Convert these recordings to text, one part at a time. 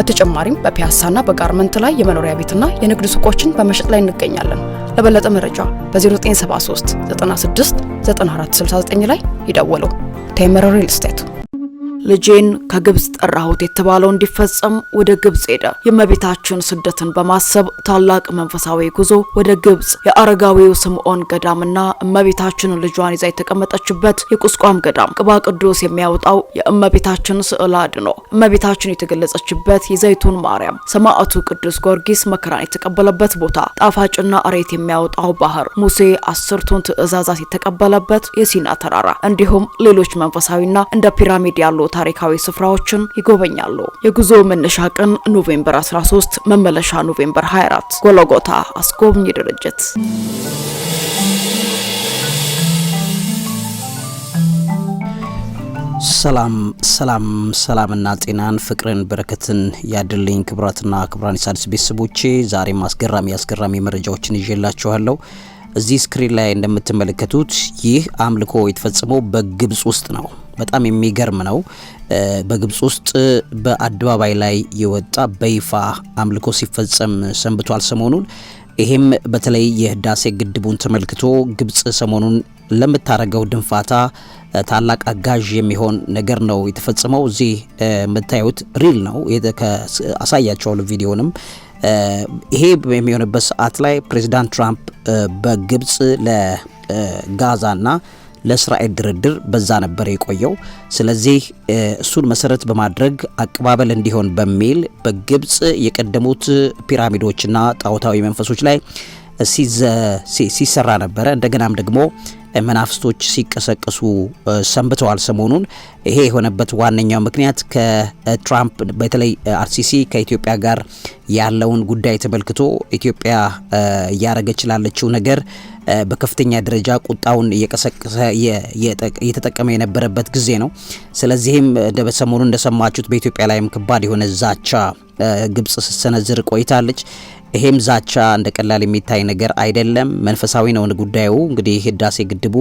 በተጨማሪም በፒያሳና በጋርመንት ላይ የመኖሪያ ቤትና የንግድ ሱቆችን በመሸጥ ላይ እንገኛለን። ለበለጠ መረጃ በ0973 96 9469 ላይ ይደውሉ። ቴምር ሪል ስቴት ልጄን ከግብፅ ጠራሁት የተባለው እንዲፈጸም ወደ ግብፅ ሄደ። የእመቤታችን ስደትን በማሰብ ታላቅ መንፈሳዊ ጉዞ ወደ ግብፅ የአረጋዊው ስምዖን ገዳምና እመቤታችን ልጇን ይዛ የተቀመጠችበት የቁስቋም ገዳም ቅባ ቅዱስ የሚያወጣው የእመቤታችን ስዕል አድኖ እመቤታችን የተገለጸችበት የዘይቱን ማርያም ሰማዕቱ ቅዱስ ጊዮርጊስ መከራን የተቀበለበት ቦታ ጣፋጭና እሬት የሚያወጣው ባህር ሙሴ አስርቱን ትእዛዛት የተቀበለበት የሲና ተራራ እንዲሁም ሌሎች መንፈሳዊና እንደ ፒራሚድ ያሉ ታሪካዊ ስፍራዎችን ይጎበኛሉ። የጉዞ መነሻ ቀን ኖቬምበር 13፣ መመለሻ ኖቬምበር 24። ጎሎጎታ አስጎብኝ ድርጅት ሰላም ሰላም ሰላምና ጤናን ፍቅርን በረከትን ያድልኝ። ክብራትና ክብራን የሣድስ ቤተሰቦቼ ዛሬም አስገራሚ አስገራሚ መረጃዎችን ይዤላችኋለሁ። እዚህ ስክሪን ላይ እንደምትመለከቱት ይህ አምልኮ የተፈጸመው በግብጽ ውስጥ ነው። በጣም የሚገርም ነው። በግብፅ ውስጥ በአደባባይ ላይ የወጣ በይፋ አምልኮ ሲፈጸም ሰንብቷል ሰሞኑን። ይሄም በተለይ የህዳሴ ግድቡን ተመልክቶ ግብፅ ሰሞኑን ለምታደርገው ድንፋታ ታላቅ አጋዥ የሚሆን ነገር ነው የተፈጸመው። እዚህ የምታዩት ሪል ነው አሳያቸዋለሁ ቪዲዮንም። ይሄ የሚሆንበት ሰዓት ላይ ፕሬዚዳንት ትራምፕ በግብፅ ለጋዛና ለእስራኤል ድርድር በዛ ነበር የቆየው። ስለዚህ እሱን መሰረት በማድረግ አቀባበል እንዲሆን በሚል በግብፅ የቀደሙት ፒራሚዶችና ጣዖታዊ መንፈሶች ላይ ሲሰራ ነበረ። እንደገናም ደግሞ መናፍስቶች ሲቀሰቀሱ ሰንብተዋል። ሰሞኑን ይሄ የሆነበት ዋነኛው ምክንያት ከትራምፕ በተለይ አርሲሲ ከኢትዮጵያ ጋር ያለውን ጉዳይ ተመልክቶ ኢትዮጵያ እያደረገች ላለችው ነገር በከፍተኛ ደረጃ ቁጣውን እየቀሰቀሰ እየተጠቀመ የነበረበት ጊዜ ነው። ስለዚህም ሰሞኑ እንደሰማችሁት በኢትዮጵያ ላይም ከባድ የሆነ ዛቻ ግብጽ ስትሰነዝር ቆይታለች። ይሄም ዛቻ እንደ ቀላል የሚታይ ነገር አይደለም። መንፈሳዊ ነው ጉዳዩ። እንግዲህ ህዳሴ ግድቡ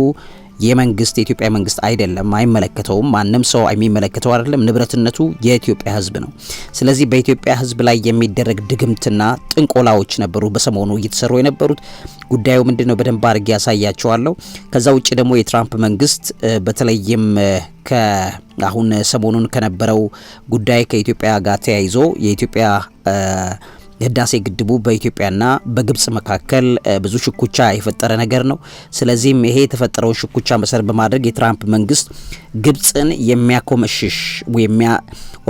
የመንግስት የኢትዮጵያ መንግስት አይደለም፣ አይመለከተውም። ማንም ሰው የሚመለከተው አይደለም። ንብረትነቱ የኢትዮጵያ ህዝብ ነው። ስለዚህ በኢትዮጵያ ህዝብ ላይ የሚደረግ ድግምትና ጥንቆላዎች ነበሩ በሰሞኑ እየተሰሩ የነበሩት። ጉዳዩ ምንድነው? በደንብ አድርጌ ያሳያቸዋለሁ። ከዛ ውጭ ደግሞ የትራምፕ መንግስት በተለይም ከአሁን ሰሞኑን ከነበረው ጉዳይ ከኢትዮጵያ ጋር ተያይዞ የኢትዮጵያ የህዳሴ ግድቡ በኢትዮጵያና በግብጽ መካከል ብዙ ሽኩቻ የፈጠረ ነገር ነው። ስለዚህም ይሄ የተፈጠረውን ሽኩቻ መሰረት በማድረግ የትራምፕ መንግስት ግብጽን የሚያኮመሽሽ ወይም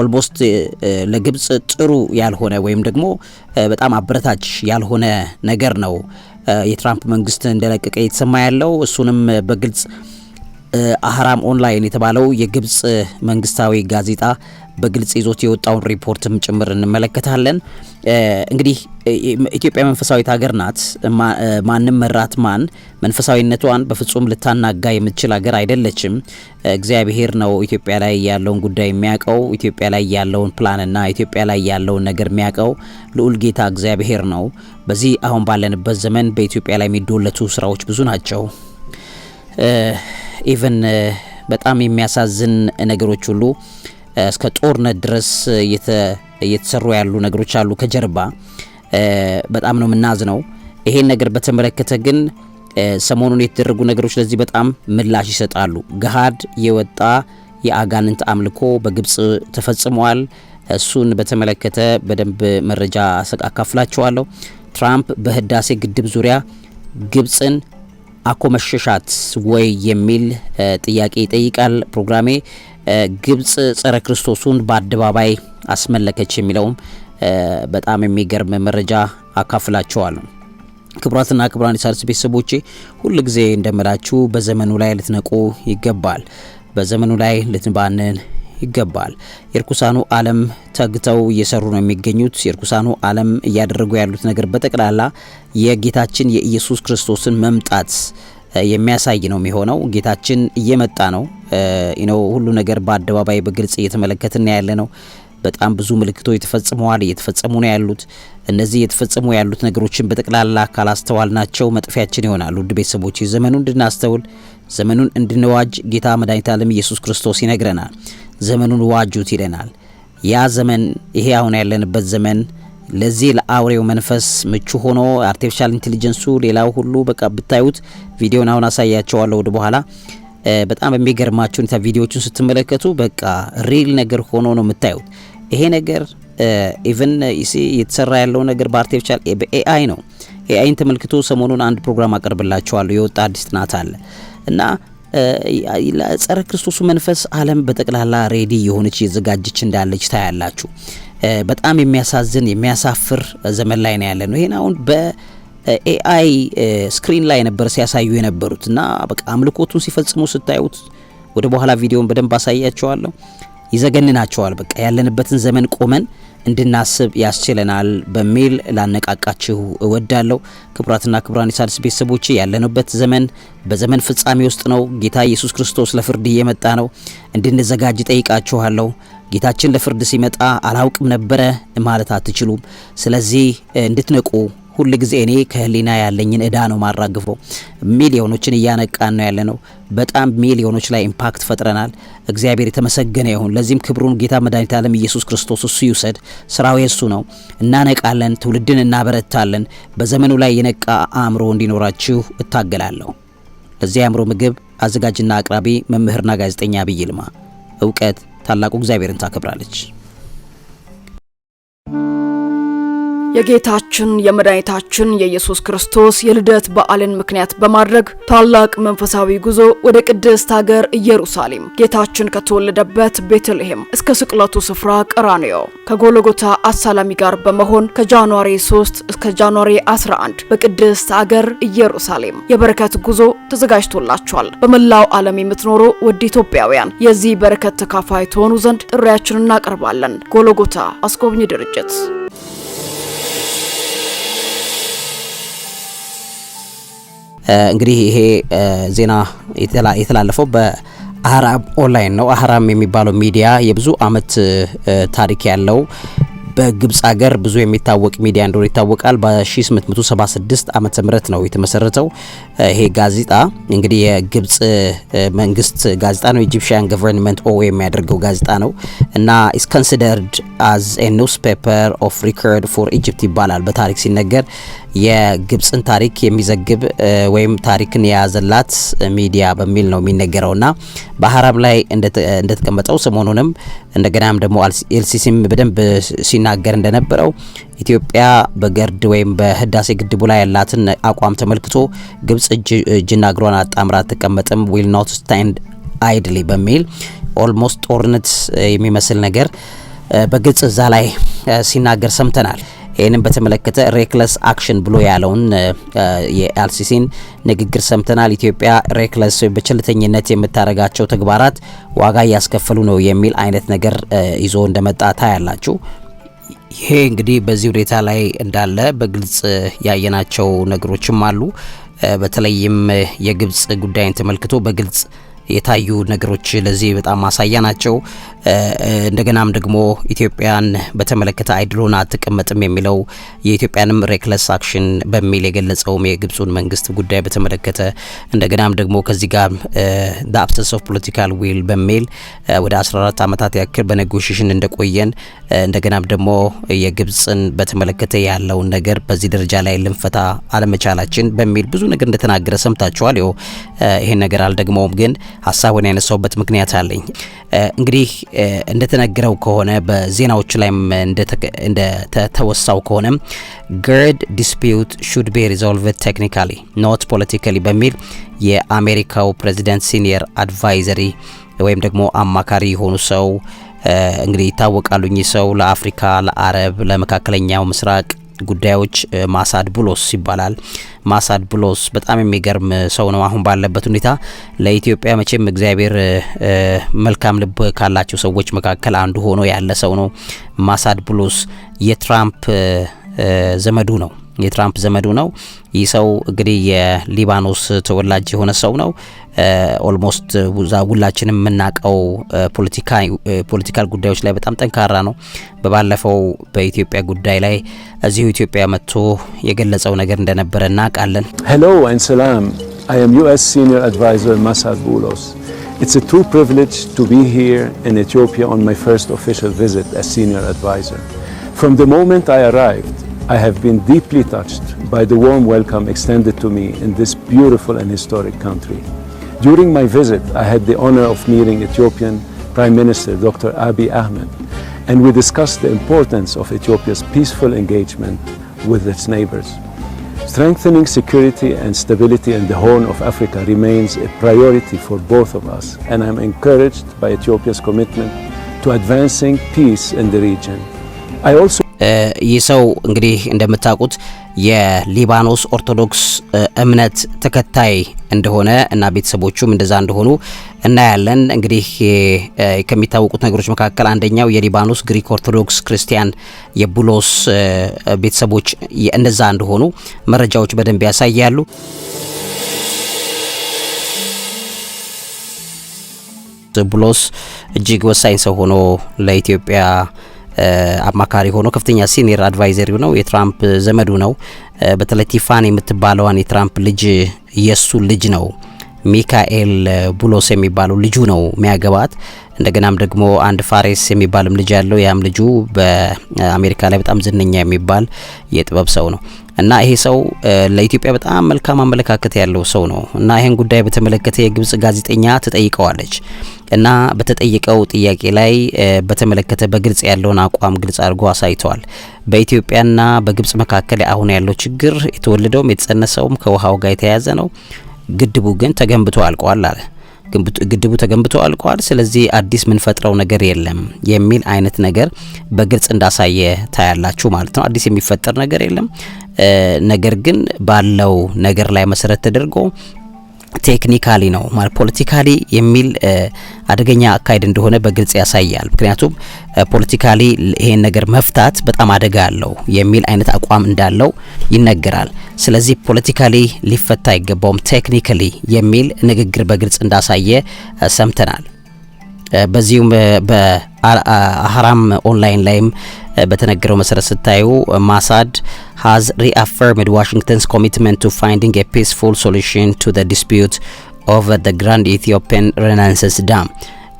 ኦልሞስት ለግብጽ ጥሩ ያልሆነ ወይም ደግሞ በጣም አበረታች ያልሆነ ነገር ነው የትራምፕ መንግስት እንደለቀቀ እየተሰማ ያለው እሱንም በግልጽ አህራም ኦንላይን የተባለው የግብጽ መንግስታዊ ጋዜጣ በግልጽ ይዞት የወጣውን ሪፖርትም ጭምር እንመለከታለን። እንግዲህ ኢትዮጵያ መንፈሳዊት ሀገር ናት። ማንም መራት ማን መንፈሳዊነቷን በፍጹም ልታናጋ የምትችል ሀገር አይደለችም። እግዚአብሔር ነው ኢትዮጵያ ላይ ያለውን ጉዳይ የሚያውቀው፣ ኢትዮጵያ ላይ ያለውን ፕላንና ኢትዮጵያ ላይ ያለውን ነገር የሚያውቀው ልዑል ጌታ እግዚአብሔር ነው። በዚህ አሁን ባለንበት ዘመን በኢትዮጵያ ላይ የሚዶለቱ ስራዎች ብዙ ናቸው። ኢቨን በጣም የሚያሳዝን ነገሮች ሁሉ እስከ ጦርነት ድረስ እየተሰሩ ያሉ ነገሮች አሉ ከጀርባ። በጣም ነው የምናዝነው። ይሄን ነገር በተመለከተ ግን ሰሞኑን የተደረጉ ነገሮች ለዚህ በጣም ምላሽ ይሰጣሉ። ገሃድ የወጣ የአጋንንት አምልኮ በግብጽ ተፈጽሟል። እሱን በተመለከተ በደንብ መረጃ አካፍላችኋለሁ። ትራምፕ በህዳሴ ግድብ ዙሪያ ግብጽን አኮመሸሻት ወይ የሚል ጥያቄ ይጠይቃል ፕሮግራሜ። ግብጽ ጸረ ክርስቶሱን በአደባባይ አስመለከች የሚለውም በጣም የሚገርም መረጃ አካፍላቸዋል። ክቡራትና ክቡራን የሣድስ ቤተሰቦቼ ጊዜ እንደምላችሁ በዘመኑ ላይ ልትነቁ ይገባል። በዘመኑ ላይ ልትባንን ይገባል። የርኩሳኑ ዓለም ተግተው እየሰሩ ነው የሚገኙት። የርኩሳኑ ዓለም እያደረጉ ያሉት ነገር በጠቅላላ የጌታችን የኢየሱስ ክርስቶስን መምጣት የሚያሳይ ነው የሚሆነው። ጌታችን እየመጣ ነው ነው ሁሉ ነገር በአደባባይ በግልጽ እየተመለከትና ያለ ነው። በጣም ብዙ ምልክቶች ተፈጽመዋል፣ እየተፈጸሙ ነው ያሉት። እነዚህ የተፈጸሙ ያሉት ነገሮችን በጠቅላላ ካላስተዋልናቸው መጥፊያችን ይሆናል። ውድ ቤተሰቦች ዘመኑን እንድናስተውል፣ ዘመኑን እንድንዋጅ ጌታ መድኃኒት ዓለም ኢየሱስ ክርስቶስ ይነግረናል። ዘመኑን ዋጁት ይለናል። ያ ዘመን ይሄ አሁን ያለንበት ዘመን ለዚህ ለአውሬው መንፈስ ምቹ ሆኖ አርቲፊሻል ኢንቴሊጀንሱ ሌላው ሁሉ በቃ ብታዩት ቪዲዮን አሁን አሳያቸዋለሁ ወደ በኋላ በጣም በሚገርማቸው ሁኔታ ቪዲዮዎቹን ስትመለከቱ በቃ ሪል ነገር ሆኖ ነው የምታዩት። ይሄ ነገር ኢቨን ይሲ የተሰራ ያለው ነገር በአርቲፊሻል በኤአይ ነው። ኤአይን ተመልክቶ ሰሞኑን አንድ ፕሮግራም አቀርብላችኋለሁ የወጣ አዲስ ጥናት አለ እና ጸረ ክርስቶሱ መንፈስ ዓለም በጠቅላላ ሬዲ የሆነች የዘጋጀች እንዳለች ታያላችሁ። በጣም የሚያሳዝን የሚያሳፍር ዘመን ላይ ነው ያለ ነው። ይሄን አሁን በኤአይ ስክሪን ላይ ነበር ሲያሳዩ የነበሩት እና በቃ አምልኮቱን ሲፈጽሙ ስታዩት ወደ በኋላ ቪዲዮን በደንብ አሳያቸዋለሁ። ይዘገንናቸዋል። በቃ ያለንበትን ዘመን ቆመን እንድናስብ ያስችለናል በሚል ላነቃቃችሁ እወዳለሁ። ክቡራትና ክቡራን የሣድስ ቤተሰቦች ያለንበት ዘመን በዘመን ፍጻሜ ውስጥ ነው። ጌታ ኢየሱስ ክርስቶስ ለፍርድ እየመጣ ነው። እንድንዘጋጅ ጠይቃችኋለሁ። ጌታችን ለፍርድ ሲመጣ አላውቅም ነበረ ማለት አትችሉም። ስለዚህ እንድትነቁ ሁል ጊዜ እኔ ከህሊና ያለኝን እዳ ነው ማራግፈው። ሚሊዮኖችን እያነቃን ነው ያለ ነው። በጣም ሚሊዮኖች ላይ ኢምፓክት ፈጥረናል። እግዚአብሔር የተመሰገነ ይሁን። ለዚህም ክብሩን ጌታ መድኃኒተ ዓለም ኢየሱስ ክርስቶስ እሱ ይውሰድ። ስራው የሱ ነው። እናነቃለን፣ ትውልድን እናበረታለን። በዘመኑ ላይ የነቃ አእምሮ እንዲኖራችሁ እታገላለሁ። ለዚህ አእምሮ ምግብ አዘጋጅና አቅራቢ መምህርና ጋዜጠኛ ዐቢይ ይልማ። እውቀት ታላቁ እግዚአብሔርን ታከብራለች። የጌታችን የመድኃኒታችን የኢየሱስ ክርስቶስ የልደት በዓልን ምክንያት በማድረግ ታላቅ መንፈሳዊ ጉዞ ወደ ቅድስት ሀገር ኢየሩሳሌም ጌታችን ከተወለደበት ቤተልሔም እስከ ስቅለቱ ስፍራ ቀራንዮ ከጎሎጎታ አሳላሚ ጋር በመሆን ከጃንዋሪ 3 እስከ ጃንዋሪ 11 በቅድስት ሀገር ኢየሩሳሌም የበረከት ጉዞ ተዘጋጅቶላችኋል። በመላው ዓለም የምትኖሩ ውድ ኢትዮጵያውያን የዚህ በረከት ተካፋይ ትሆኑ ዘንድ ጥሪያችንን እናቀርባለን። ጎሎጎታ አስጎብኝ ድርጅት እንግዲህ ይሄ ዜና የተላለፈው በአህራም ኦንላይን ነው። አህራም የሚባለው ሚዲያ የብዙ አመት ታሪክ ያለው በግብጽ ሀገር ብዙ የሚታወቅ ሚዲያ እንደሆነ ይታወቃል። በ1876 ዓመተ ምህረት ነው የተመሰረተው ይሄ ጋዜጣ። እንግዲህ የግብጽ መንግስት ጋዜጣ ነው። ኢጂፕሽያን ገቨርንመንት ኦ የሚያደርገው ጋዜጣ ነው እና ኢስ ኮንሲደርድ አዝ ኤ ኒውስ ፔፐር ኦፍ ሪከርድ ፎር ኢጅፕት ይባላል። በታሪክ ሲነገር የግብጽን ታሪክ የሚዘግብ ወይም ታሪክን የያዘላት ሚዲያ በሚል ነው የሚነገረውና በሀራም ላይ እንደተቀመጠው ሰሞኑንም እንደገናም ደግሞ ኤልሲሲም በደንብ ሲና ሲናገር እንደነበረው ኢትዮጵያ በገርድ ወይም በህዳሴ ግድቡ ላይ ያላትን አቋም ተመልክቶ ግብጽ እጅና እግሯን አጣምራ አትቀመጥም ዊል ኖት ስታንድ አይድሊ በሚል ኦልሞስት ጦርነት የሚመስል ነገር በግልጽ እዛ ላይ ሲናገር ሰምተናል። ይህንም በተመለከተ ሬክለስ አክሽን ብሎ ያለውን የአልሲሲን ንግግር ሰምተናል። ኢትዮጵያ ሬክለስ በቸልተኝነት የምታደርጋቸው ተግባራት ዋጋ እያስከፈሉ ነው የሚል አይነት ነገር ይዞ እንደመጣ ታያላችሁ። ይሄ እንግዲህ በዚህ ሁኔታ ላይ እንዳለ በግልጽ ያየናቸው ነገሮችም አሉ። በተለይም የግብጽ ጉዳይን ተመልክቶ በግልጽ የታዩ ነገሮች ለዚህ በጣም ማሳያ ናቸው። እንደገናም ደግሞ ኢትዮጵያን በተመለከተ አይድሎን አትቀመጥም የሚለው የኢትዮጵያንም ሬክለስ አክሽን በሚል የገለጸውም የግብፁን መንግስት ጉዳይ በተመለከተ እንደገናም ደግሞ ከዚህ ጋር አብሰንስ ኦፍ ፖለቲካል ዊል በሚል ወደ 14 ዓመታት ያክል በኔጎሽሽን እንደቆየን እንደገናም ደግሞ የግብፅን በተመለከተ ያለውን ነገር በዚህ ደረጃ ላይ ልንፈታ አለመቻላችን በሚል ብዙ ነገር እንደተናገረ ሰምታችኋል። ይሄን ነገር አልደግመውም፣ ግን ሀሳቡን ያነሳውበት ምክንያት አለኝ እንግዲህ እንደተነገረው ከሆነ በዜናዎች ላይም እንደተወሳው ከሆነ ግርድ ዲስፒዩት ሹድ ቢ ሪዞልቭድ ቴክኒካሊ ኖት ፖለቲካሊ በሚል የአሜሪካው ፕሬዚደንት ሲኒየር አድቫይዘሪ ወይም ደግሞ አማካሪ የሆኑ ሰው እንግዲህ ይታወቃሉ። እኚህ ሰው ለአፍሪካ፣ ለአረብ፣ ለመካከለኛው ምስራቅ ጉዳዮች ማሳድ ብሎስ ይባላል። ማሳድ ብሎስ በጣም የሚገርም ሰው ነው። አሁን ባለበት ሁኔታ ለኢትዮጵያ መቼም እግዚአብሔር መልካም ልብ ካላቸው ሰዎች መካከል አንዱ ሆኖ ያለ ሰው ነው። ማሳድ ብሎስ የትራምፕ ዘመዱ ነው። የትራምፕ ዘመዱ ነው። ይህ ሰው እንግዲህ የሊባኖስ ተወላጅ የሆነ ሰው ነው። ኦልሞስት ሁላችንም የምናውቀው ፖለቲካል ጉዳዮች ላይ በጣም ጠንካራ ነው። በባለፈው በኢትዮጵያ ጉዳይ ላይ እዚሁ ኢትዮጵያ መጥቶ የገለጸው ነገር እንደነበረ እናውቃለን። ሄሎ አንድ ሰላም አይ አም ዩኤስ ሲኒየር አድቫይዘር ማሳድ ቡሎስ It's a ፕሪቪሌጅ ቱ ቢ be here in Ethiopia on my first official visit as senior advisor. From I have been deeply touched by the warm welcome extended to me in this beautiful and historic country. During my visit, I had the honor of meeting Ethiopian Prime Minister Dr. Abiy Ahmed, and we discussed the importance of Ethiopia's peaceful engagement with its neighbors. Strengthening security and stability in the Horn of Africa remains a priority for both of us, and I'm encouraged by Ethiopia's commitment to advancing peace in the region. ይህ ሰው እንግዲህ እንደምታውቁት የሊባኖስ ኦርቶዶክስ እምነት ተከታይ እንደሆነ እና ቤተሰቦቹም እንደዛ እንደሆኑ እናያለን። እንግዲህ ከሚታወቁት ነገሮች መካከል አንደኛው የሊባኖስ ግሪክ ኦርቶዶክስ ክርስቲያን የቡሎስ ቤተሰቦች እነዛ እንደሆኑ መረጃዎች በደንብ ያሳያሉ። ቡሎስ እጅግ ወሳኝ ሰው ሆኖ ለኢትዮጵያ አማካሪ ሆኖ ከፍተኛ ሲኒየር አድቫይዘሪ ነው። የትራምፕ ዘመዱ ነው። በተለይ ቲፋን የምትባለዋን የትራምፕ ልጅ የሱ ልጅ ነው ሚካኤል ቡሎስ የሚባለው ልጁ ነው ሚያገባት። እንደገናም ደግሞ አንድ ፋሬስ የሚባልም ልጅ ያለው ያም ልጁ በአሜሪካ ላይ በጣም ዝነኛ የሚባል የጥበብ ሰው ነው እና ይሄ ሰው ለኢትዮጵያ በጣም መልካም አመለካከት ያለው ሰው ነው እና ይህን ጉዳይ በተመለከተ የግብጽ ጋዜጠኛ ትጠይቀዋለች። እና በተጠየቀው ጥያቄ ላይ በተመለከተ በግልጽ ያለውን አቋም ግልጽ አድርጎ አሳይተዋል። በኢትዮጵያና በግብጽ መካከል አሁን ያለው ችግር የተወለደውም የተጸነሰውም ከውሃው ጋር የተያያዘ ነው። ግድቡ ግን ተገንብቶ አልቋል አለ። ግድቡ ተገንብቶ አልቋል። ስለዚህ አዲስ ምንፈጥረው ነገር የለም የሚል አይነት ነገር በግልጽ እንዳሳየ ታያላችሁ ማለት ነው። አዲስ የሚፈጠር ነገር የለም። ነገር ግን ባለው ነገር ላይ መሰረት ተደርጎ ቴክኒካሊ ነው ማለት ፖለቲካሊ የሚል አደገኛ አካሄድ እንደሆነ በግልጽ ያሳያል። ምክንያቱም ፖለቲካሊ ይሄን ነገር መፍታት በጣም አደጋ አለው የሚል አይነት አቋም እንዳለው ይነገራል። ስለዚህ ፖለቲካሊ ሊፈታ አይገባውም ቴክኒካሊ የሚል ንግግር በግልጽ እንዳሳየ ሰምተናል። በዚሁም በአህራም ኦንላይን ላይም በተነገረው መሰረት ስታዩ ማሳድ ሃዝ ሪአፈርምድ ዋሽንግተንስ ኮሚትመንት ቱ ፋይንዲንግ ፒስፉል ሶሉሽን ቱ ዲስፒት ዲስፒዩት ኦቨር ዘ ግራንድ ኢትዮጵያን ሬናንሰንስ ዳም።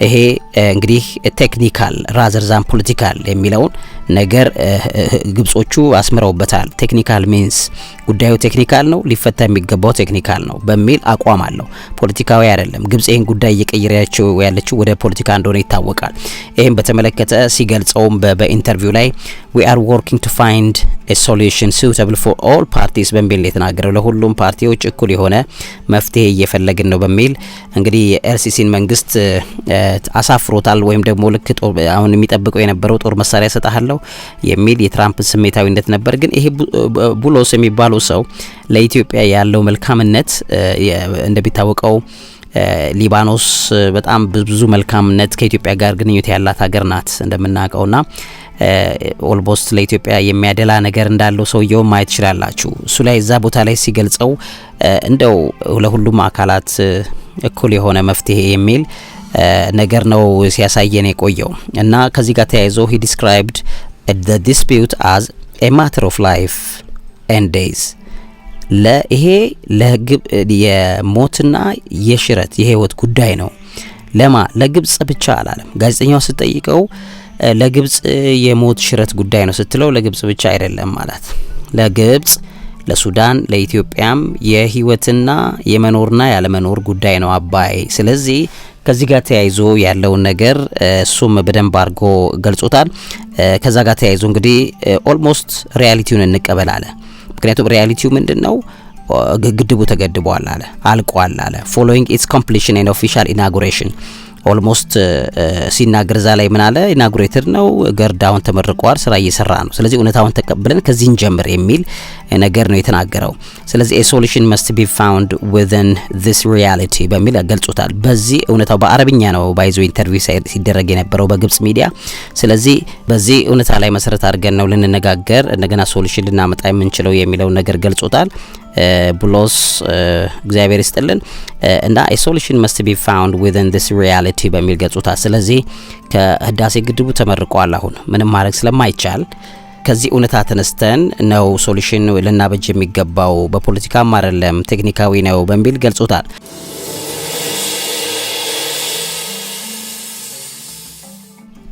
ይሄ እንግዲህ ቴክኒካል ራዘርዛን ፖለቲካል የሚለውን ነገር ግብጾቹ አስምረውበታል። ቴክኒካል ሚንስ ጉዳዩ ቴክኒካል ነው፣ ሊፈታ የሚገባው ቴክኒካል ነው በሚል አቋም አለው። ፖለቲካዊ አይደለም። ግብጽ ይህን ጉዳይ እየቀየረችው ያለችው ወደ ፖለቲካ እንደሆነ ይታወቃል። ይህም በተመለከተ ሲገልጸውም በኢንተርቪው ላይ ዊአር are working to find a solution suitable for በሚል የተናገረው ለሁሉም ፓርቲዎች እኩል የሆነ መፍትሄ እየፈለግን ነው በሚል እንግዲህ የኤልሲሲን መንግስት አሳፍሮታል። ወይም ደግሞ ልክ አሁን የሚጠብቀው የነበረው ጦር መሳሪያ ሰጣለሁ የሚል የትራምፕ ስሜታዊነት ነበር። ግን ይሄ ቡሎስ የሚባለው ሰው ለኢትዮጵያ ያለው መልካምነት እንደሚታወቀው ሊባኖስ በጣም ብዙ መልካምነት ከኢትዮጵያ ጋር ግንኙነት ያላት ሀገር ናት እንደምናውቀውና ኦልሞስት ለኢትዮጵያ የሚያደላ ነገር እንዳለው ሰውየው ማየት ትችላላችሁ። እሱ ላይ እዛ ቦታ ላይ ሲገልጸው እንደው ለሁሉም አካላት እኩል የሆነ መፍትሄ የሚል ነገር ነው ሲያሳየን የቆየው እና ከዚህ ጋር ተያይዞ ሂ ዲስክራይብድ the dispute as a matter of life and death ለይሄ ለግብ የሞትና የሽረት የህይወት ጉዳይ ነው። ለማ ለግብጽ ብቻ አላለም። ጋዜጠኛው ስትጠይቀው ለግብጽ የሞት ሽረት ጉዳይ ነው ስትለው ለግብጽ ብቻ አይደለም ማለት ለግብጽ፣ ለሱዳን፣ ለኢትዮጵያም የህይወትና የመኖርና ያለመኖር ጉዳይ ነው አባይ። ስለዚህ ከዚህ ጋር ተያይዞ ያለውን ነገር እሱም በደንብ አድርጎ ገልጾታል። ከዛ ጋር ተያይዞ እንግዲህ ኦልሞስት ሪያሊቲውን እንቀበል አለ። ምክንያቱም ሪያሊቲው ምንድን ነው? ግድቡ ተገድቧል አለ፣ አልቋል አለ ፎሎዊንግ ኢትስ ኮምፕሊሽን ኦፊሻል ኢናጉሬሽን ኦልሞስት ሲናገር እዛ ላይ ምናለ ኢናጉሬትድ ነው ገርዳውን ተመርቋል፣ ስራ እየሰራ ነው። ስለዚህ እውነታውን ተቀብለን ከዚህን ጀምር የሚል ነገር ነው የተናገረው። ስለዚህ ሶሉሽን መስት ቢ ፋውንድ ዊዘን ዚስ ሪያሊቲ በሚል ገልጾታል። በዚህ እውነታው በአረብኛ ነው ባይዞ ኢንተርቪው ሲደረግ የነበረው በግብጽ ሚዲያ። ስለዚህ በዚህ እውነታ ላይ መሰረት አድርገን ነው ልንነጋገር እንደገና ሶሉሽን ልናመጣ የምንችለው የሚለውን ነገር ገልጾታል። ብሎስ እግዚአብሔር ይስጥልን እና ሶሉሽን መስት ቢ ፋውንድ ዊዝን ዲስ ሪያሊቲ በሚል ገጹታ። ስለዚህ ከህዳሴ ግድቡ ተመርቋል። አሁን ምንም ማድረግ ስለማይቻል ከዚህ እውነታ ተነስተን ነው ሶሉሽን ልናበጅ የሚገባው። በፖለቲካም አይደለም ቴክኒካዊ ነው በሚል ገልጾታል።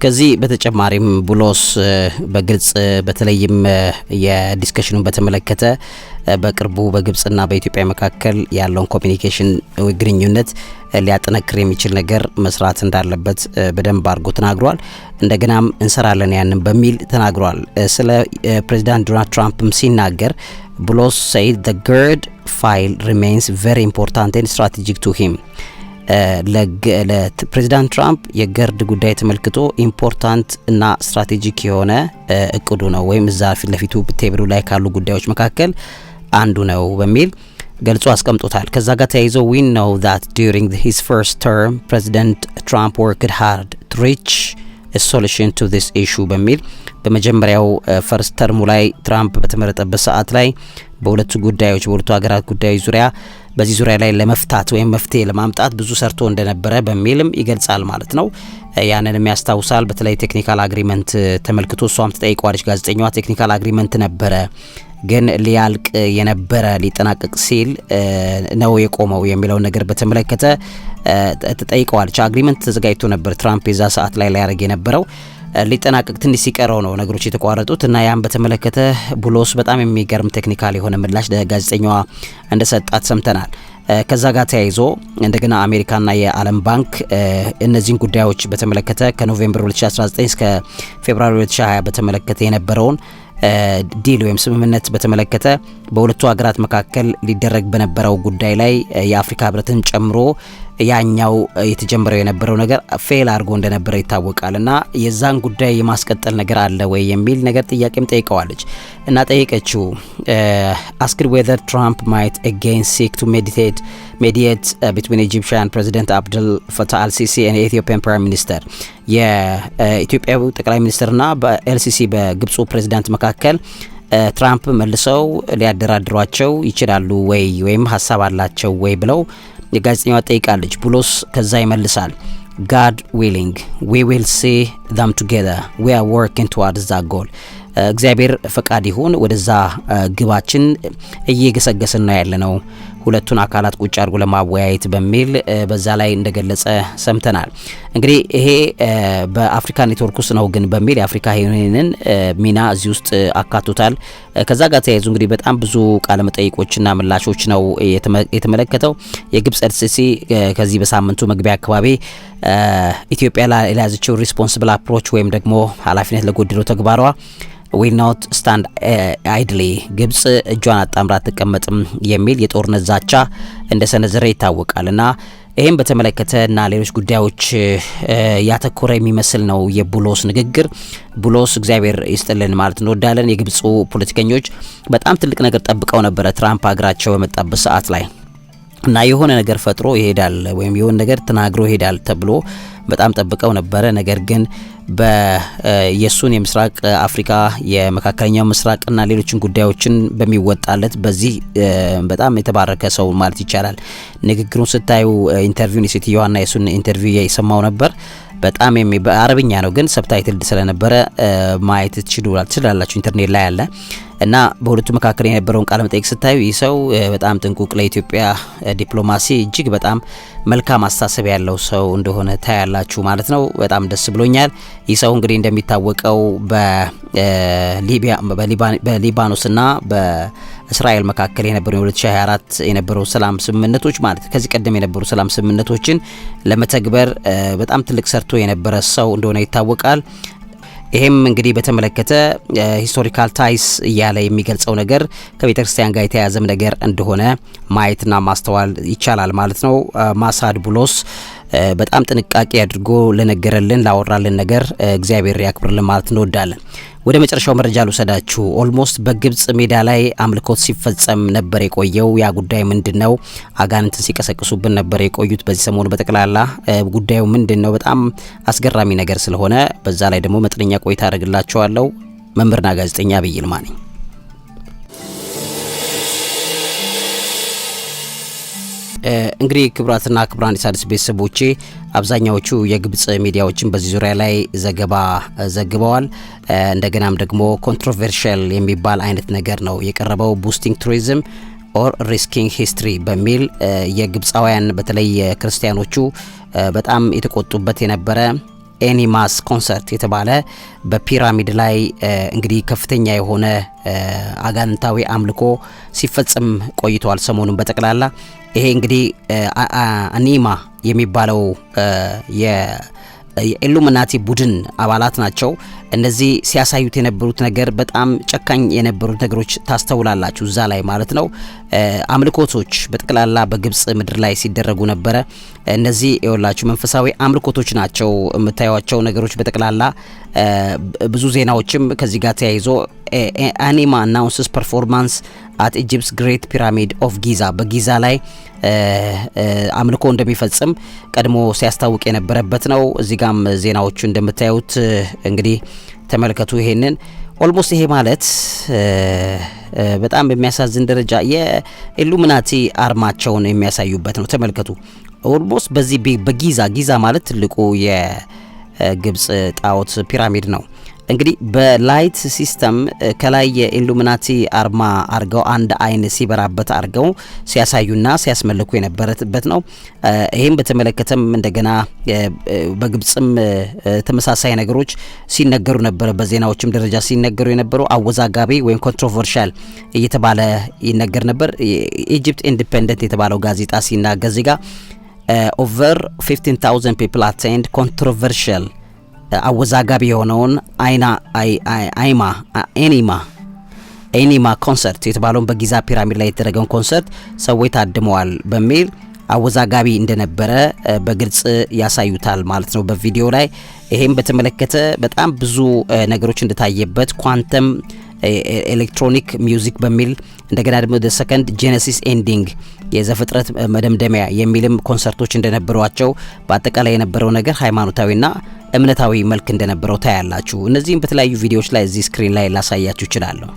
ከዚህ በተጨማሪም ቡሎስ በግልጽ በተለይም የዲስከሽኑን በተመለከተ በቅርቡ በግብጽና በኢትዮጵያ መካከል ያለውን ኮሚኒኬሽን ግንኙነት ሊያጠነክር የሚችል ነገር መስራት እንዳለበት በደንብ አድርጎ ተናግሯል። እንደገናም እንሰራለን ያንን በሚል ተናግሯል። ስለ ፕሬዚዳንት ዶናልድ ትራምፕም ሲናገር ቡሎስ ሰይድ ዘ ገርድ ፋይል ሪሜንስ ቨሪ ኢምፖርታንት ስትራቴጂክ ቱ ሂም ለፕሬዚዳንት ትራምፕ የገርድ ጉዳይ ተመልክቶ ኢምፖርታንት እና ስትራቴጂክ የሆነ እቅዱ ነው ወይም እዛ ፊት ለፊቱ ቴብሉ ላይ ካሉ ጉዳዮች መካከል አንዱ ነው በሚል ገልጾ አስቀምጦታል። ከዛ ጋር ተያይዞ ዊ ነው ዛት ዱሪንግ ሂዝ ፈርስት ተርም ፕሬዚደንት ትራምፕ ወርክድ ሃርድ ቱ ሪች ሶሉሽን ቱ ዚስ ኢሹ በሚል በመጀመሪያው ፈርስት ተርሙ ላይ ትራምፕ በተመረጠበት ሰዓት ላይ በሁለቱ ጉዳዮች በሁለቱ ሀገራት ጉዳዮች ዙሪያ በዚህ ዙሪያ ላይ ለመፍታት ወይም መፍትሄ ለማምጣት ብዙ ሰርቶ እንደነበረ በሚልም ይገልጻል ማለት ነው። ያንንም ያስታውሳል። በተለይ ቴክኒካል አግሪመንት ተመልክቶ እሷም ተጠይቋለች ጋዜጠኛዋ። ቴክኒካል አግሪመንት ነበረ ግን ሊያልቅ የነበረ ሊጠናቀቅ ሲል ነው የቆመው የሚለውን ነገር በተመለከተ ተጠይቀዋለች። አግሪመንት ተዘጋጅቶ ነበር ትራምፕ የዛ ሰዓት ላይ ሊያደርግ የነበረው ሊጠናቀቅ ትንሽ ሲቀረው ነው ነገሮች የተቋረጡት እና ያን በተመለከተ ቡሎስ በጣም የሚገርም ቴክኒካል የሆነ ምላሽ ለጋዜጠኛዋ እንደሰጣት ሰምተናል። ከዛ ጋር ተያይዞ እንደገና አሜሪካና የዓለም ባንክ እነዚህን ጉዳዮች በተመለከተ ከኖቬምበር 2019 እስከ ፌብራሪ 2020 በተመለከተ የነበረውን ዲል ወይም ስምምነት በተመለከተ በሁለቱ ሀገራት መካከል ሊደረግ በነበረው ጉዳይ ላይ የአፍሪካ ህብረትን ጨምሮ ያኛው የተጀመረው የነበረው ነገር ፌል አድርጎ እንደነበረ ይታወቃል። እና የዛን ጉዳይ የማስቀጠል ነገር አለ ወይ የሚል ነገር ጥያቄም ጠይቀዋለች እና ጠየቀችው አስክድ ዌዘር ትራምፕ ማይት አጋን ሲክ ቱ ሜዲቴት ሜዲየት ቢትዊን ኢጂፕሽያን ፕሬዚደንት አብድል ፈታህ አልሲሲ የኢትዮጵያን ፕራይም ሚኒስተር የኢትዮጵያ ጠቅላይ ሚኒስትርና በኤልሲሲ በግብፁ ፕሬዚዳንት መካከል ትራምፕ መልሰው ሊያደራድሯቸው ይችላሉ ወይ ወይም ሀሳብ አላቸው ወይ ብለው የጋዜጠኛዋ ጠይቃለች። ቡሎስ ከዛ ይመልሳል ጋድ ዊሊንግ ዊ ዊል ሲ ም ቱጌዘር ዊ አር ወርኪንግ ቱዋርድስ ዛ ጎል እግዚአብሔር ፈቃድ ይሁን ወደዛ ግባችን እየገሰገስን ነው ያለ ነው ሁለቱን አካላት ቁጭ አድርጎ ለማወያየት በሚል በዛ ላይ እንደገለጸ ሰምተናል። እንግዲህ ይሄ በአፍሪካ ኔትወርክ ውስጥ ነው ግን በሚል የአፍሪካ ዩኒየንን ሚና እዚህ ውስጥ አካቶታል። ከዛ ጋር ተያይዞ እንግዲህ በጣም ብዙ ቃለመጠይቆችና ምላሾች ነው የተመለከተው። የግብጽ ኤልሲሲ ከዚህ በሳምንቱ መግቢያ አካባቢ ኢትዮጵያ ለያዘችው ሪስፖንስብል አፕሮች ወይም ደግሞ ኃላፊነት ለጎደለው ተግባሯ ኖት ስታንድ አይድሊ ግብጽ እጇን አጣምራ አትቀመጥም የሚል የጦርነት ዛቻ እንደሰነዘረ ይታወቃል እና ይህም በተመለከተ እና ሌሎች ጉዳዮች eh, ያተኮረ የሚመስል ነው የቡሎስ ንግግር። ቡሎስ እግዚአብሔር ይስጥልን ማለት እንወዳለን። የግብፁ ፖለቲከኞች በጣም ትልቅ ነገር ጠብቀው ነበረ ትራምፕ ሀገራቸው በመጣበት ሰዓት ላይ እና የሆነ ነገር ፈጥሮ ይሄዳል ወይም የሆነ ነገር ተናግሮ ይሄዳል ተብሎ በጣም ጠብቀው ነበረ ነገር ግን በየሱን የምስራቅ አፍሪካ የመካከለኛው ምስራቅና ሌሎችን ጉዳዮችን በሚወጣለት በዚህ በጣም የተባረከ ሰው ማለት ይቻላል። ንግግሩን ስታዩ ኢንተርቪውን የሴትዮዋና የሱን ኢንተርቪው የሰማው ነበር። በጣም በአረብኛ ነው ግን ሰብታይትልድ ስለነበረ ማየት ትችላላችሁ ኢንተርኔት ላይ አለ እና በሁለቱ መካከል የነበረውን ቃለ መጠይቅ ስታዩ ይህ ሰው በጣም ጥንቁቅ ለኢትዮጵያ ዲፕሎማሲ እጅግ በጣም መልካም አስተሳሰብ ያለው ሰው እንደሆነ ታያላችሁ ማለት ነው። በጣም ደስ ብሎኛል። ይህ ሰው እንግዲህ እንደሚታወቀው በሊባኖስና እስራኤል መካከል የነበረው የ2024 የነበረው ሰላም ስምምነቶች ማለት ከዚህ ቀደም የነበሩ ሰላም ስምምነቶችን ለመተግበር በጣም ትልቅ ሰርቶ የነበረ ሰው እንደሆነ ይታወቃል። ይሄም እንግዲህ በተመለከተ ሂስቶሪካል ታይስ እያለ የሚገልጸው ነገር ከቤተ ክርስቲያን ጋር የተያያዘም ነገር እንደሆነ ማየትና ማስተዋል ይቻላል ማለት ነው። ማሳድ ቡሎስ በጣም ጥንቃቄ አድርጎ ለነገረልን ላወራልን ነገር እግዚአብሔር ያክብርልን ማለት እንወዳለን። ወደ መጨረሻው መረጃ ልውሰዳችሁ። ኦልሞስት በግብጽ ሜዳ ላይ አምልኮት ሲፈጸም ነበር የቆየው። ያ ጉዳይ ምንድን ነው? አጋንንትን ሲቀሰቅሱብን ነበር የቆዩት በዚህ ሰሞኑ። በጠቅላላ ጉዳዩ ምንድን ነው? በጣም አስገራሚ ነገር ስለሆነ በዛ ላይ ደግሞ መጠነኛ ቆይታ አደርግላቸዋለሁ። መምህርና ጋዜጠኛ አብይ ይልማ ነኝ። እንግዲህ ክብራትና ክብራን የሣድስ ቤተሰቦቼ አብዛኛዎቹ የግብጽ ሚዲያዎችን በዚህ ዙሪያ ላይ ዘገባ ዘግበዋል። እንደገናም ደግሞ ኮንትሮቨርሽል የሚባል አይነት ነገር ነው የቀረበው ቡስቲንግ ቱሪዝም ኦር ሪስኪንግ ሂስትሪ በሚል የግብፃውያን በተለይ ክርስቲያኖቹ በጣም የተቆጡበት የነበረ ኤኒማስ ኮንሰርት የተባለ በፒራሚድ ላይ እንግዲህ ከፍተኛ የሆነ አጋንንታዊ አምልኮ ሲፈጽም ቆይተዋል። ሰሞኑን በጠቅላላ ይሄ እንግዲህ አኒማ የሚባለው የኢሉሚናቲ ቡድን አባላት ናቸው። እነዚህ ሲያሳዩት የነበሩት ነገር በጣም ጨካኝ የነበሩት ነገሮች ታስተውላላችሁ እዛ ላይ ማለት ነው። አምልኮቶች በጠቅላላ በግብጽ ምድር ላይ ሲደረጉ ነበረ። እነዚህ የወላችሁ መንፈሳዊ አምልኮቶች ናቸው የምታዩቸው ነገሮች በጠቅላላ ብዙ ዜናዎችም ከዚህ ጋር ተያይዞ አኒማ አናውንስስ ፐርፎርማንስ አት ኢጅፕትስ ግሬት ፒራሚድ ኦፍ ጊዛ በጊዛ ላይ አምልኮ እንደሚፈጽም ቀድሞ ሲያስታውቅ የነበረበት ነው። እዚህ ጋም ዜናዎቹ እንደምታዩት እንግዲህ ተመልከቱ ይሄንን ኦልሞስት ይሄ ማለት በጣም በሚያሳዝን ደረጃ የኢሉሚናቲ አርማቸውን የሚያሳዩበት ነው። ተመልከቱ ኦልሞስት በዚህ በጊዛ ጊዛ ማለት ትልቁ የግብፅ ጣዖት ፒራሚድ ነው። እንግዲህ በላይት ሲስተም ከላይ የኢሉሚናቲ አርማ አርገው አንድ አይን ሲበራበት አርገው ሲያሳዩና ሲያስመልኩ የነበረበት ነው። ይህም በተመለከተም እንደገና በግብፅም ተመሳሳይ ነገሮች ሲነገሩ ነበረ። በዜናዎችም ደረጃ ሲነገሩ የነበሩ አወዛጋቢ ወይም ኮንትሮቨርሻል እየተባለ ይነገር ነበር። ኢጅፕት ኢንዲፐንደንት የተባለው ጋዜጣ ሲናገር ዜጋ ኦቨር 15000 ፒፕል አቴንድ ኮንትሮቨርሻል አወዛጋቢ የሆነውን አይና አይማ ኤኒማ ኤኒማ ኮንሰርት የተባለውን በጊዛ ፒራሚድ ላይ የተደረገውን ኮንሰርት ሰዎች ታድመዋል በሚል አወዛጋቢ እንደነበረ በግልጽ ያሳዩታል ማለት ነው በቪዲዮ ላይ። ይሄም በተመለከተ በጣም ብዙ ነገሮች እንደታየበት ኳንተም ኤሌክትሮኒክ ሚውዚክ በሚል እንደገና ደግሞ ደ ሰከንድ ጄኔሲስ ኤንዲንግ የዘፍጥረት መደምደሚያ የሚልም ኮንሰርቶች እንደነበሯቸው በአጠቃላይ የነበረው ነገር ሃይማኖታዊና እምነታዊ መልክ እንደነበረው ታያላችሁ። እነዚህም በተለያዩ ቪዲዮዎች ላይ እዚህ ስክሪን ላይ ላሳያችሁ ይችላለሁ።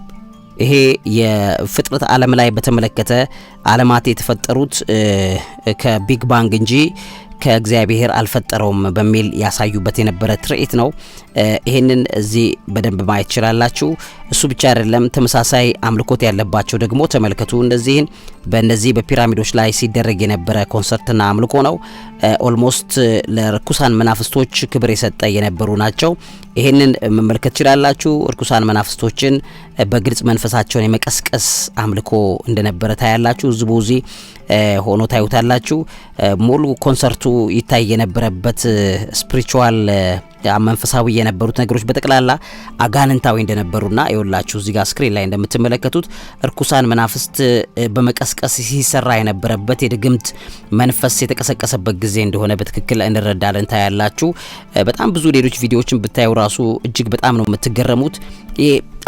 ይሄ የፍጥረት ዓለም ላይ በተመለከተ ዓለማት የተፈጠሩት ከቢግ ባንግ እንጂ ከእግዚአብሔር አልፈጠረውም በሚል ያሳዩበት የነበረ ትርኢት ነው። ይህንን እዚህ በደንብ ማየት ትችላላችሁ። እሱ ብቻ አይደለም፣ ተመሳሳይ አምልኮት ያለባቸው ደግሞ ተመልከቱ። እነዚህን በእነዚህ በፒራሚዶች ላይ ሲደረግ የነበረ ኮንሰርትና አምልኮ ነው። ኦልሞስት ለርኩሳን መናፍስቶች ክብር የሰጠ የነበሩ ናቸው። ይህንን መመልከት ትችላላችሁ። እርኩሳን መናፍስቶችን በግልጽ መንፈሳቸውን የመቀስቀስ አምልኮ እንደነበረ ታያላችሁ። ህዝቡ እዚህ ሆኖ ታዩታላችሁ። ሙሉ ኮንሰርቱ ይታይ የነበረበት ስፒሪቹዋል መንፈሳዊ የነበሩት ነገሮች በጠቅላላ አጋንንታዊ እንደነበሩና የወላችሁ እዚህ ጋር ስክሪን ላይ እንደምትመለከቱት እርኩሳን መናፍስት በመቀስቀስ ሲሰራ የነበረበት የድግምት መንፈስ የተቀሰቀሰበት ጊዜ እንደሆነ በትክክል እንረዳለን። ታያላችሁ። በጣም ብዙ ሌሎች ቪዲዮዎችን ብታዩ ራሱ እጅግ በጣም ነው የምትገረሙት።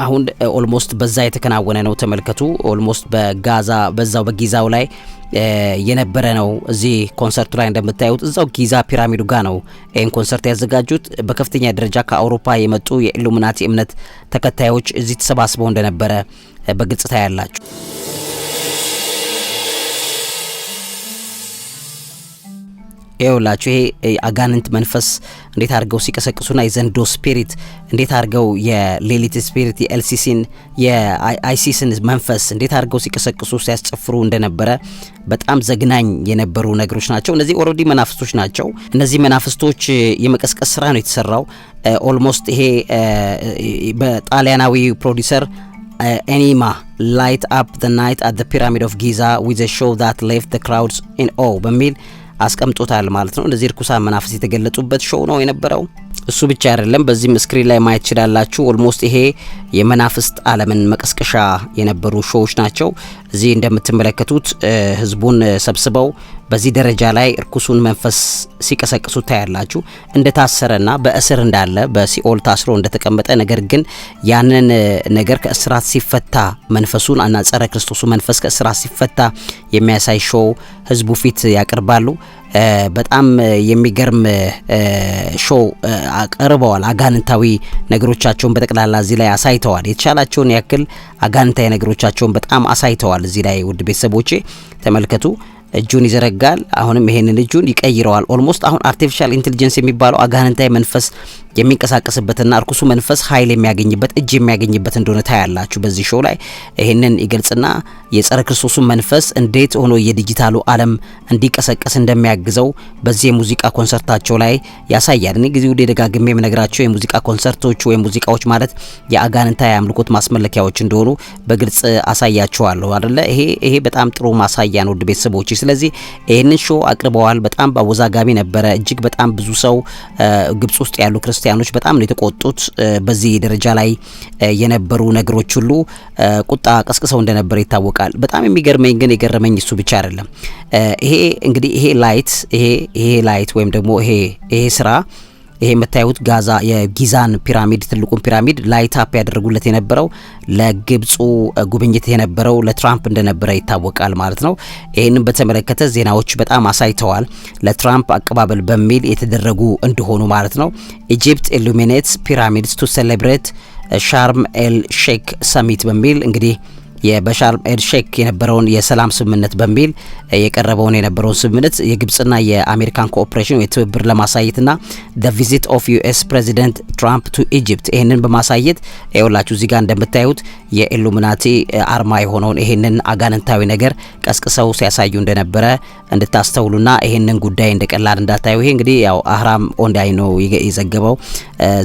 አሁን ኦልሞስት በዛ የተከናወነ ነው። ተመልከቱ። ኦልሞስት በጋዛ በዛው በጊዛው ላይ የነበረ ነው። እዚህ ኮንሰርቱ ላይ እንደምታዩት እዛው ጊዛ ፒራሚዱ ጋ ነው ይህን ኮንሰርት ያዘጋጁት። በከፍተኛ ደረጃ ከአውሮፓ የመጡ የኢሉሚናቲ እምነት ተከታዮች እዚህ ተሰባስበው እንደነበረ በግልጽታ ያላችሁ ይኸውላችሁ ይሄ አጋንንት መንፈስ እንዴት አድርገው ሲቀሰቅሱና የዘንዶ ስፒሪት እንዴት አድርገው የሌሊት ስፒሪት የኤልሲሲን የአይሲስን መንፈስ እንዴት አድርገው ሲቀሰቅሱ ሲያስጨፍሩ እንደነበረ በጣም ዘግናኝ የነበሩ ነገሮች ናቸው። እነዚህ ኦልሬዲ መናፍስቶች ናቸው። እነዚህ መናፍስቶች የመቀስቀስ ስራ ነው የተሰራው። ኦልሞስት ይሄ በጣሊያናዊ ፕሮዲሰር ኤኒማ ላይት አፕ ናይት አት ፒራሚድ ኦፍ ጊዛ ዊዝ ሾው ዛት ሌፍት ክራውድስ ኢን ኦ በሚል አስቀምጦታል ማለት ነው። እነዚህ ርኩሳን መናፍስ የተገለጹበት ሾው ነው የነበረው። እሱ ብቻ አይደለም። በዚህም ስክሪን ላይ ማየት ትችላላችሁ። ኦልሞስት ይሄ የመናፍስት ዓለምን መቀስቀሻ የነበሩ ሾዎች ናቸው። እዚህ እንደምትመለከቱት ህዝቡን ሰብስበው በዚህ ደረጃ ላይ እርኩሱን መንፈስ ሲቀሰቅሱ ታያላችሁ። እንደታሰረና በእስር እንዳለ በሲኦል ታስሮ እንደተቀመጠ ነገር ግን ያንን ነገር ከእስራት ሲፈታ መንፈሱን እና ጸረ ክርስቶሱ መንፈስ ከእስራት ሲፈታ የሚያሳይ ሾው ህዝቡ ፊት ያቀርባሉ። በጣም የሚገርም ሾው አቅርበዋል። አጋንንታዊ ነገሮቻቸውን በጠቅላላ እዚህ ላይ አሳይተዋል። የተቻላቸውን ያክል አጋንንታዊ ነገሮቻቸውን በጣም አሳይተዋል እዚህ ላይ ውድ ቤተሰቦቼ ተመልከቱ። እጁን ይዘረጋል። አሁንም ይሄንን እጁን ይቀይረዋል። ኦልሞስት አሁን አርቲፊሻል ኢንቴሊጀንስ የሚባለው አጋንንታዊ መንፈስ የሚንቀሳቀስበትና እርኩሱ መንፈስ ኃይል የሚያገኝበት እጅ የሚያገኝበት እንደሆነ ታያላችሁ። በዚህ ሾው ላይ ይህንን ይገልጽና የጸረ ክርስቶሱን መንፈስ እንዴት ሆኖ የዲጂታሉ ዓለም እንዲቀሰቀስ እንደሚያግዘው በዚህ የሙዚቃ ኮንሰርታቸው ላይ ያሳያል። እኔ ጊዜ ውዴ ደጋግሜ የምነግራቸው የሙዚቃ ኮንሰርቶች ወይም ሙዚቃዎች ማለት የአጋንንታ የአምልኮት ማስመለኪያዎች እንደሆኑ በግልጽ አሳያችኋለሁ አደለ? ይሄ ይሄ በጣም ጥሩ ማሳያ ነው ውድ ቤተሰቦች። ስለዚህ ይህንን ሾው አቅርበዋል። በጣም በአወዛጋቢ ነበረ። እጅግ በጣም ብዙ ሰው ግብጽ ውስጥ ያሉ ክርስቲያኖች ክርስቲያኖች በጣም ነው የተቆጡት። በዚህ ደረጃ ላይ የነበሩ ነገሮች ሁሉ ቁጣ ቀስቅሰው እንደነበረ ይታወቃል። በጣም የሚገርመኝ ግን የገረመኝ እሱ ብቻ አይደለም። ይሄ እንግዲህ ይሄ ላይት ይሄ ይሄ ላይት ወይም ደግሞ ይሄ ይሄ ስራ ይሄ የምታዩት ጋዛ የጊዛን ፒራሚድ ትልቁን ፒራሚድ ላይታፕ ያደረጉለት የነበረው ለግብፁ ጉብኝት የነበረው ለትራምፕ እንደነበረ ይታወቃል ማለት ነው። ይህንም በተመለከተ ዜናዎች በጣም አሳይተዋል። ለትራምፕ አቀባበል በሚል የተደረጉ እንደሆኑ ማለት ነው። ኢጂፕት ኢሉሚኔትስ ፒራሚድስ ቱ ሴሌብሬት ሻርም ኤል ሼክ ሰሚት በሚል እንግዲህ የበሻርም ኤልሼክ የነበረውን የሰላም ስምምነት በሚል የቀረበውን የነበረውን ስምምነት የግብጽና የአሜሪካን ኮኦፕሬሽን የትብብር ለማሳየትና ቪዚት ኦፍ ዩኤስ ፕሬዚደንት ትራምፕ ቱ ኢጅፕት ይህንን በማሳየት ይኸውላችሁ እዚጋ እንደምታዩት የኢሉሚናቲ አርማ የሆነውን ይህንን አጋንንታዊ ነገር ቀስቅሰው ሲያሳዩ እንደነበረ እንድታስተውሉና ይህንን ጉዳይ እንደቀላል እንዳታዩ። ይሄ እንግዲህ ያው አህራም ኦንዳይ ነው የዘገበው።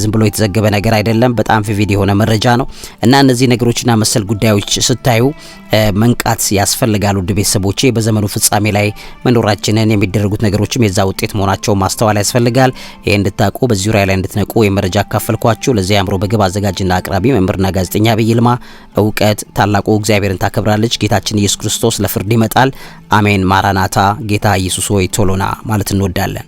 ዝም ብሎ የተዘገበ ነገር አይደለም። በጣም ቪቪድ የሆነ መረጃ ነው እና እነዚህ ነገሮችና መሰል ጉዳዮች ስታ ስታዩ መንቃት ያስፈልጋል። ውድ ቤተሰቦቼ በዘመኑ ፍጻሜ ላይ መኖራችንን የሚደረጉት ነገሮችም የዛ ውጤት መሆናቸውን ማስተዋል ያስፈልጋል። ይህ እንድታውቁ በዚሁ ዙሪያ ላይ እንድትነቁ የመረጃ አካፈልኳችሁ። ለዚህ አእምሮ በግብ አዘጋጅና አቅራቢ መምህርና ጋዜጠኛ ዐቢይ ይልማ። እውቀት ታላቁ እግዚአብሔርን ታከብራለች። ጌታችን ኢየሱስ ክርስቶስ ለፍርድ ይመጣል። አሜን ማራናታ፣ ጌታ ኢየሱስ ሆይ ቶሎና ማለት እንወዳለን።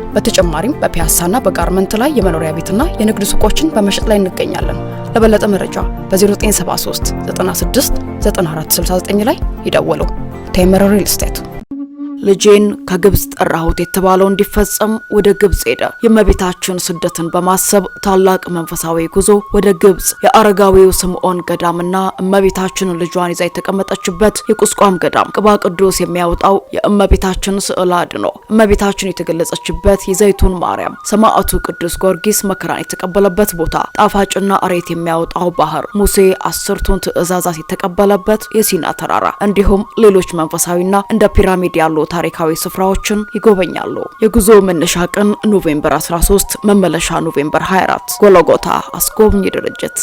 በተጨማሪም በፒያሳና በጋርመንት ላይ የመኖሪያ ቤትና የንግድ ሱቆችን በመሸጥ ላይ እንገኛለን። ለበለጠ መረጃ በ0973 96 9469 ላይ ይደውሉ። ቴምር ሪል ስቴት ልጄን ከግብፅ ጠራሁት የተባለው እንዲፈጸም ወደ ግብጽ ሄደ። የእመቤታችን ስደትን በማሰብ ታላቅ መንፈሳዊ ጉዞ ወደ ግብጽ። የአረጋዊው ስምዖን ገዳምና እመቤታችን ልጇን ይዛ የተቀመጠችበት የቁስቋም ገዳም ቅባ ቅዱስ የሚያወጣው የእመቤታችን ስዕል አድኖ እመቤታችን የተገለጸችበት የዘይቱን ማርያም ሰማዕቱ ቅዱስ ጊዮርጊስ መከራን የተቀበለበት ቦታ ጣፋጭና እሬት የሚያወጣው ባህር ሙሴ አስርቱን ትእዛዛት የተቀበለበት የሲና ተራራ እንዲሁም ሌሎች መንፈሳዊና እንደ ፒራሚድ ያሉት ታሪካዊ ስፍራዎችን ይጎበኛሉ። የጉዞ መነሻ ቀን ኖቬምበር 13፣ መመለሻ ኖቬምበር 24። ጎለጎታ አስጎብኝ ድርጅት